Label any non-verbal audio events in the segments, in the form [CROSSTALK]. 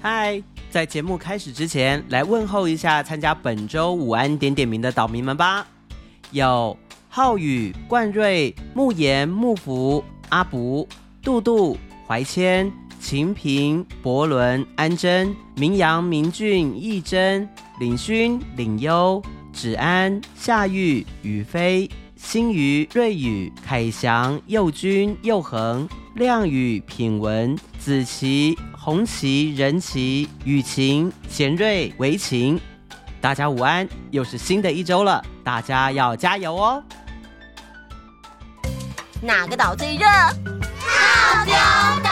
嗨，在節目開始之前，來問候一下參加本周午安點點名的島民們吧。有浩宇、冠瑞、慕言、慕福、阿卜、杜杜、懷謙、秦平、博倫、安貞、明陽、明俊、義珍、領勳、領優、芷安、夏玉、宇飛、星宇、瑞宇、凱翔、佑君、佑恆、亮宇、品文、子琪。紅旗、人旗、雨晴、賢瑞、維情。大家午安，又是新的一週了，大家要加油哦！哪個島最熱？套囧島！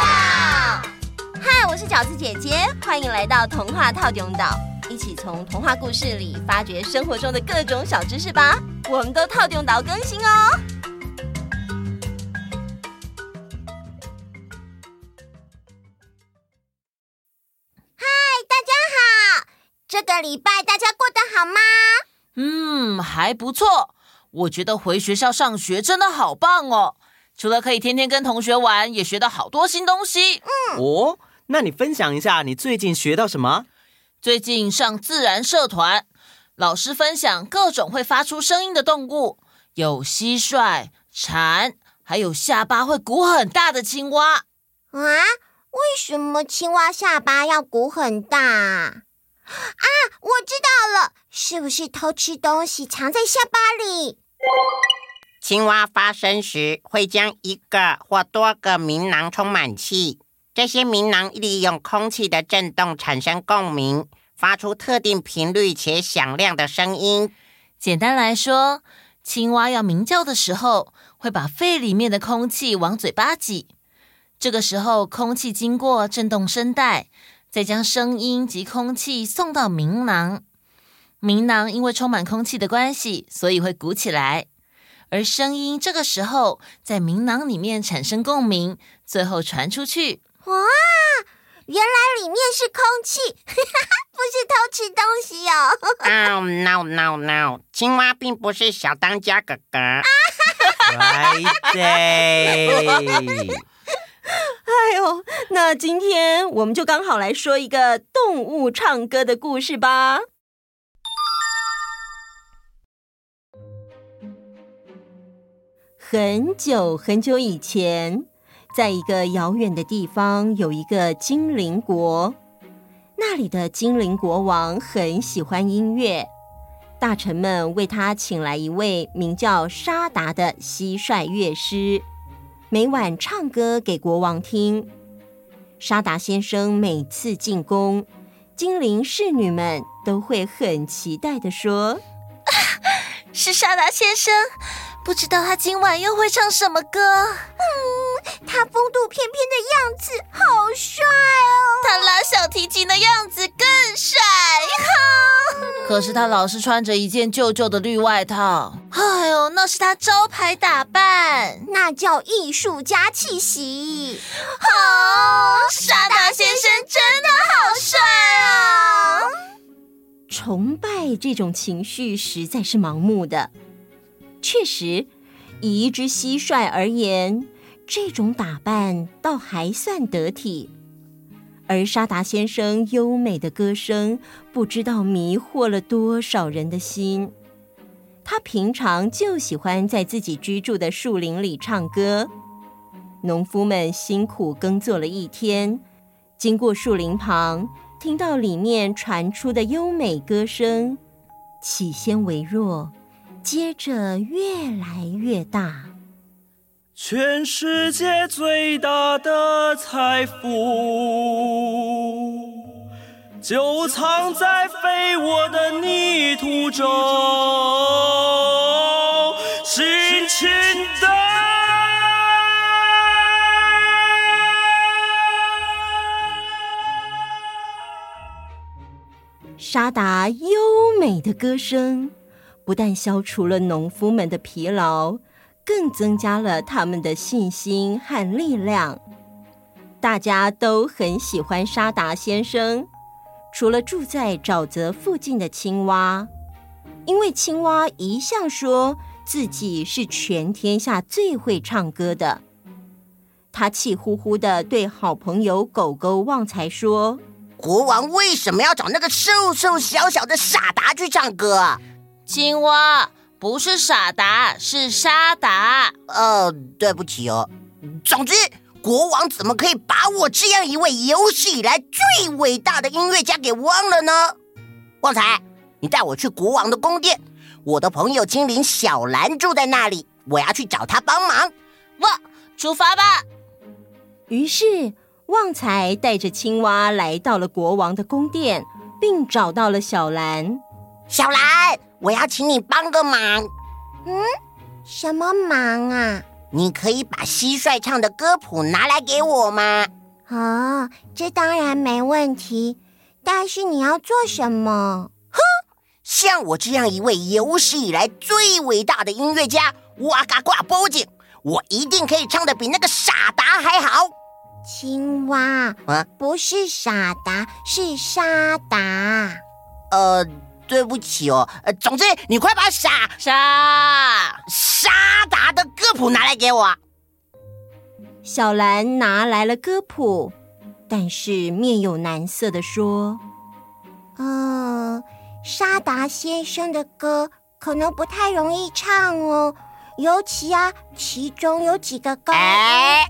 嗨，我是餃子姐姐，歡迎來到童話套囧島，一起從童話故事裡發掘生活中的各種小知識吧！我們都套囧島更新哦。這個禮拜大家過得好嗎？嗯，還不錯。我覺得回學校上學真的好棒哦，除了可以天天跟同學玩，也學到好多新東西。嗯，哦，那你分享一下你最近學到什麼？最近上自然社團，老師分享各種會發出聲音的動物，有蟋蟀、蟬，還有下巴會鼓很大的青蛙。啊？為什麼青蛙下巴要鼓很大？啊，我知道了，是不是偷吃東西藏在下巴裡？青蛙發聲時會將一個或多個鳴囊充滿氣，這些鳴囊利用空氣的震動產生共鳴，發出特定頻率且響亮的聲音。簡單來說，青蛙要鳴叫的時候，會把肺裡面的空氣往嘴巴擠，這個時候空氣經過震動聲帶。再將聲音及空氣送到鳴囊，鳴囊因為充滿空氣的關係，所以會鼓起來。而聲音這個時候在鳴囊裡面產生共鳴，最後傳出去。哇，原來裡面是空氣，不是偷吃東西哦。Oh, no no no no，青蛙並不是小當家哥哥。來，再。哎呦，那今天我們就剛好來說一個動物唱歌的故事吧。很久很久以前，在一個遙遠的地方，有一個精靈國。那裡的精靈國王很喜歡音樂，大臣們為他請來一位名叫沙達的蟋蟀樂師。每晚唱歌給國王聽，沙達先生每次進宮，精靈侍女們都會很期待的說，啊：“是沙達先生，不知道他今晚又會唱什麼歌？嗯”他風度翩翩的樣子好帥哦！他拉小提琴的樣子更帥哈！ [LAUGHS] 可是他老是穿着一件舊舊的綠外套。哎呦，那是他招牌打扮，那叫藝術家氣息。好、 [LAUGHS] 哦，沙達先生真的好帥啊！崇拜這種情緒實在是盲目的。確實，以一隻蟋蟀而言。這種打扮倒還算得體，而沙達先生優美的歌聲不知道迷惑了多少人的心。他平常就喜歡在自己居住的樹林裡唱歌。農夫們辛苦耕作了一天，經過樹林旁，聽到裡面傳出的優美歌聲，起先微弱，接着越來越大。全世界最大的財富就藏在肥沃的泥土中，輕輕的。沙達優美的歌聲，不但消除了農夫們的疲勞。更增加了他們的信心和力量。大家都很喜歡沙達先生，除了住在沼澤附近的青蛙，因為青蛙一向說自己是全天下最會唱歌的。他氣呼呼的對好朋友狗狗旺財說：“國王為什麼要找那個瘦瘦小小的沙達去唱歌？”青蛙。不是傻達，是沙達。呃，對不起哦。總之，國王怎麼可以把我這樣一位有史以來最偉大的音樂家給忘了呢？旺財，你帶我去國王的宮殿。我的朋友精靈小蘭住在那裡，我要去找他幫忙。哇，出發吧！於是，旺財帶着青蛙來到了國王的宮殿，並找到了小蘭。小蘭！我要請你幫個忙，嗯，什麼忙啊？你可以把蟋蟀唱的歌譜拿來給我嗎？啊、哦，這當然沒問題。但是你要做什麼？哼，像我這樣一位有史以來最偉大的音樂家，哇嘎掛波井，我一定可以唱得比那個傻達還好。青蛙、啊，不是傻達，是沙達。呃。對不起哦，呃，總之你快把沙沙沙達的歌譜拿來給我。小蘭拿來了歌譜，但是面有難色的說：“呃，沙達先生的歌可能不太容易唱哦，尤其啊，其中有幾個高哎。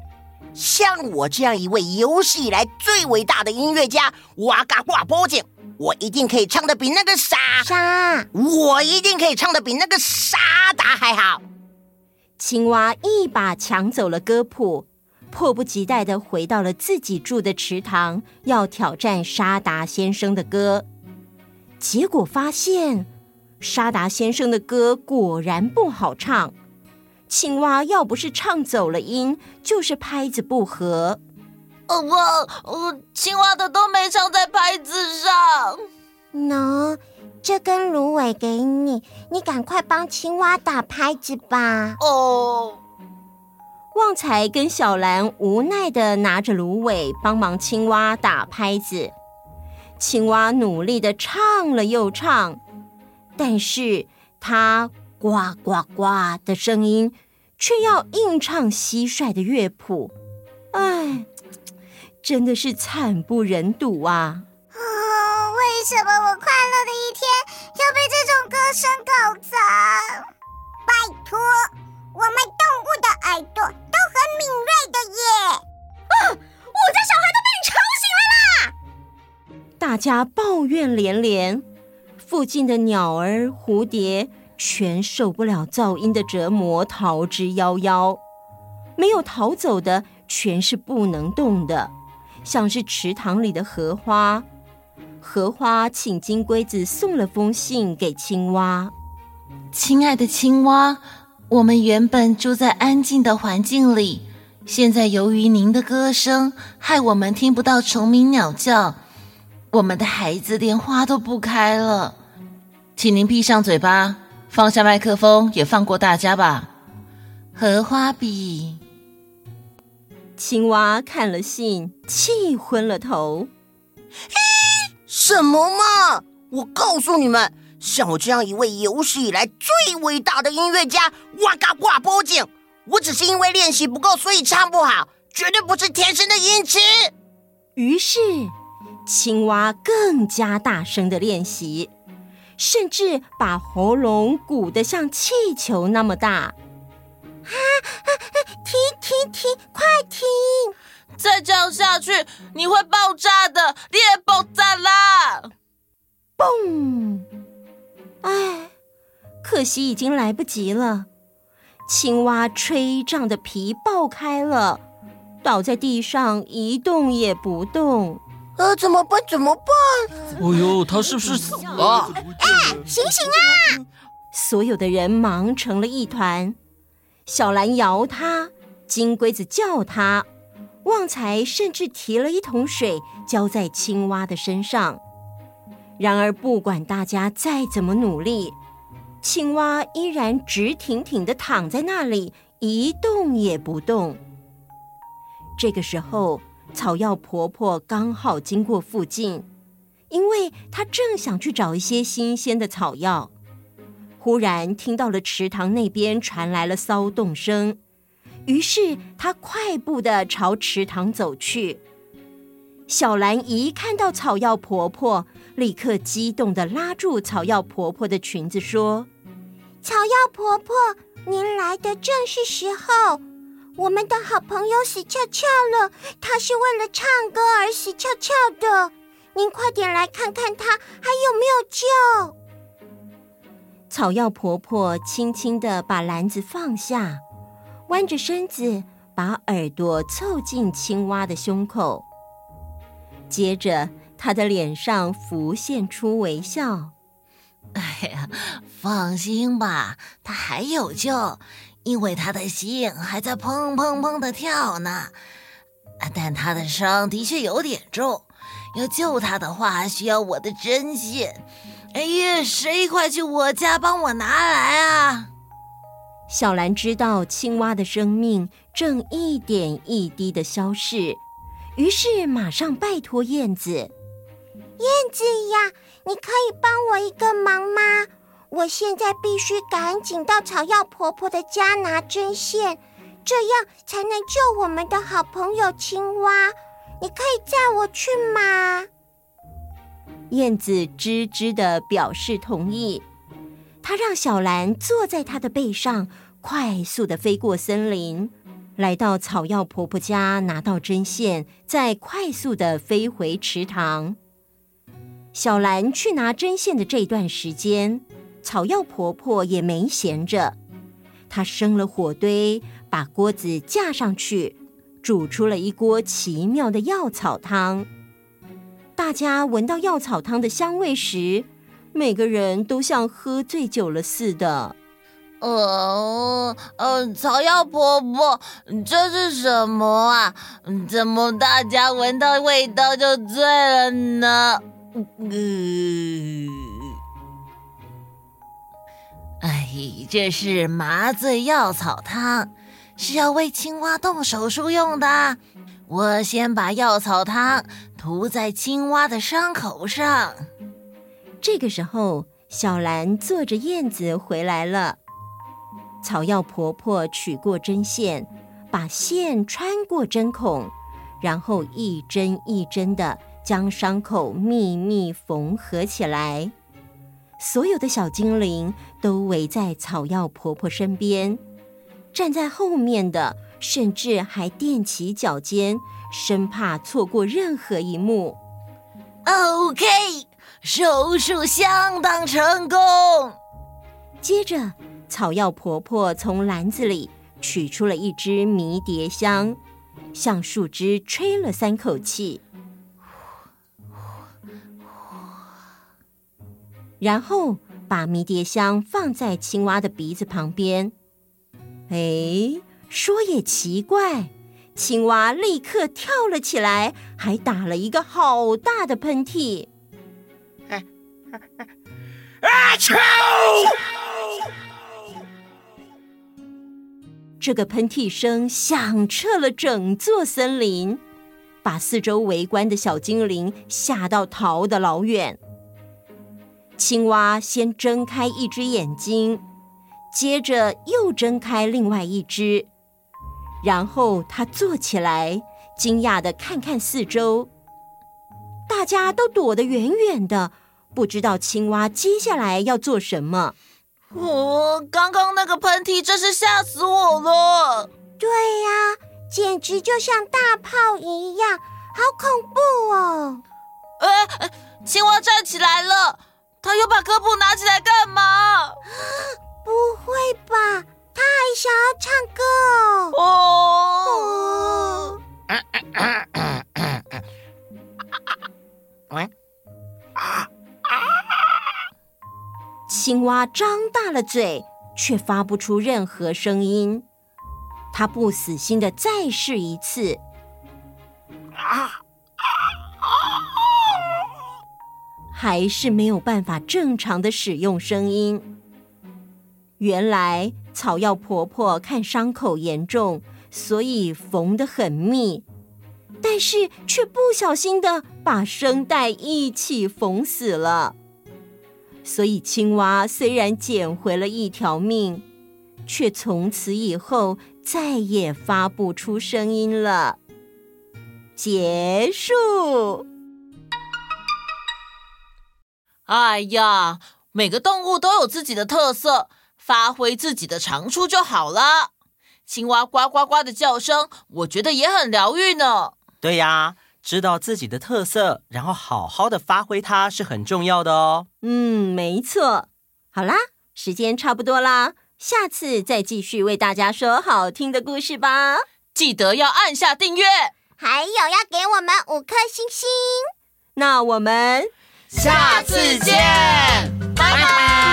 像我這樣一位有史以來最偉大的音樂家，我敢 g u a 我一定可以唱的比那個沙，沙，我一定可以唱的比那個沙達還好。青蛙一把搶走了歌譜，迫不及待的回到了自己住的池塘，要挑戰沙達先生的歌。結果發現，沙達先生的歌果然不好唱，青蛙要不是唱走了音，就是拍子不合。哦不，我青蛙的都沒唱在拍子上。喏，這根蘆葦給你，你趕快幫青蛙打拍子吧。哦、oh，旺財跟小蘭無奈的拿着蘆葦幫忙青蛙打拍子。青蛙努力的唱了又唱，但是它呱呱呱的聲音卻要硬唱蟋蟀的樂譜。哎。真的是慘不忍睹啊！啊、哦，為什麼我快樂的一天要被這種歌聲搞砸？拜托，我們動物的耳朵都很敏銳的耶！啊，我家小孩都被你吵醒了啦！大家抱怨連連，附近的鳥兒、蝴蝶全受不了噪音的折磨，逃之夭夭。沒有逃走的，全是不能動的。像是池塘裡的荷花，荷花請金龜子送了封信給青蛙。親愛的青蛙，我們原本住在安靜的環境裡，現在由於您的歌聲，害我們聽不到蟲鳴鳥叫，我們的孩子連花都不開了。請您閉上嘴巴，放下麥克風，也放過大家吧。荷花筆。青蛙看了信，氣昏了頭。嘿，什麼嘛！我告訴你們，像我這樣一位有史以來最偉大的音樂家——哇嘎掛脖頸，我只是因為練習不夠，所以唱不好，絕對不是天生的音痴。於是，青蛙更加大聲的練習，甚至把喉嚨鼓得像氣球那麼大。哈哈哈停停停！快停！再這樣下去，你會爆炸的！裂爆炸啦！嘣！哎，可惜已經來不及了。青蛙吹脹的皮爆開了，倒在地上一動也不動。呃，怎麼辦？怎麼辦？哎，哦呦，他是不是死了？哎，醒醒啊！所有的人忙成了一團。小藍搖他。金龜子叫他，旺財甚至提了一桶水澆在青蛙的身上。然而，不管大家再怎麼努力，青蛙依然直挺挺地躺在那裡，一動也不動。這個時候，草藥婆婆剛好經過附近，因為她正想去找一些新鮮的草藥，忽然聽到了池塘那邊傳來了騷動聲。於是，她快步的朝池塘走去。小蘭一看到草藥婆婆，立刻激動的拉住草藥婆婆的裙子，說：“草藥婆婆，您來的正是時候。我們的好朋友死翹翹了，她是為了唱歌而死翹翹的。您快點來看看她還有沒有救。”草藥婆婆輕輕的把籃子放下。彎着身子，把耳朵湊近青蛙的胸口。接着，他的臉上浮現出微笑。“哎呀，放心吧，他還有救，因為他的心還在砰砰砰的跳呢。但他的傷的確有點重，要救他的話，需要我的針線。哎呀，誰快去我家幫我拿來啊！”小蘭知道青蛙的生命正一點一滴的消逝，於是馬上拜托燕子：“燕子呀，你可以幫我一個忙嗎？我現在必須趕緊到草藥婆婆的家拿針線，這樣才能救我們的好朋友青蛙。你可以載我去嗎？”燕子吱吱的表示同意。他讓小蘭坐在他的背上，快速地飛過森林，來到草藥婆婆家拿到針線，再快速地飛回池塘。小蘭去拿針線的這段時間，草藥婆婆也沒閒着，她生了火堆，把鍋子架上去，煮出了一鍋奇妙的藥草湯。大家聞到藥草湯的香味時，每個人都像喝醉酒了似的。呃、嗯嗯，草藥婆婆，這是什麼啊？怎麼大家聞到味道就醉了呢？嗯、哎，這是麻醉藥藥草湯，是要為青蛙動手術用的。我先把藥草湯塗在青蛙的傷口上。這個時候，小蘭坐着燕子回來了。草藥婆婆取過針線，把線穿過針孔，然後一針一針的將傷口密密縫合起來。所有的小精靈都圍在草藥婆婆身邊，站在後面的甚至還踮起腳尖，生怕錯過任何一幕。OK。手術相當成功。接着，草藥婆婆從籃子裡取出了一支迷迭香，向樹枝吹了三口氣，然後把迷迭香放在青蛙的鼻子旁邊。哎，說也奇怪，青蛙立刻跳了起來，還打了一個好大的噴嚏。 [LAUGHS] 啊啾！這個噴嚏聲響徹了整座森林，把四周圍觀的小精靈嚇到逃得老遠。青蛙先睜開一只眼睛，接着又睜開另外一只，然後它坐起來，驚訝的看看四周，大家都躲得遠遠的。不知道青蛙接下來要做什麼。哦，剛剛那個噴嚏真是嚇死我了。對呀，啊，簡直就像大炮一樣，好恐怖哦！哎，哎，青蛙站起來了，他又把歌譜拿起來幹嘛？不會吧，他還想要唱歌哦。哦啊啊青蛙張大了嘴，卻發不出任何聲音。它不死心的再試一次，啊，還是沒有辦法正常的使用聲音。原來草藥婆婆看傷口嚴重，所以縫得很密，但是卻不小心的把聲帶一起縫死了。所以，青蛙雖然撿回了一條命，卻從此以後再也發不出聲音了。結束。哎呀，每個動物都有自己的特色，發揮自己的長處就好了。青蛙呱呱呱的叫聲，我覺得也很療癒呢。對呀。知道自己的特色，然後好好的發揮它是很重要的哦。嗯，沒錯。好啦，時間差不多啦，下次再繼續為大家說好聽的故事吧。記得要按下訂閱，還有要給我們五顆星星。那我們下次見，拜拜。拜拜。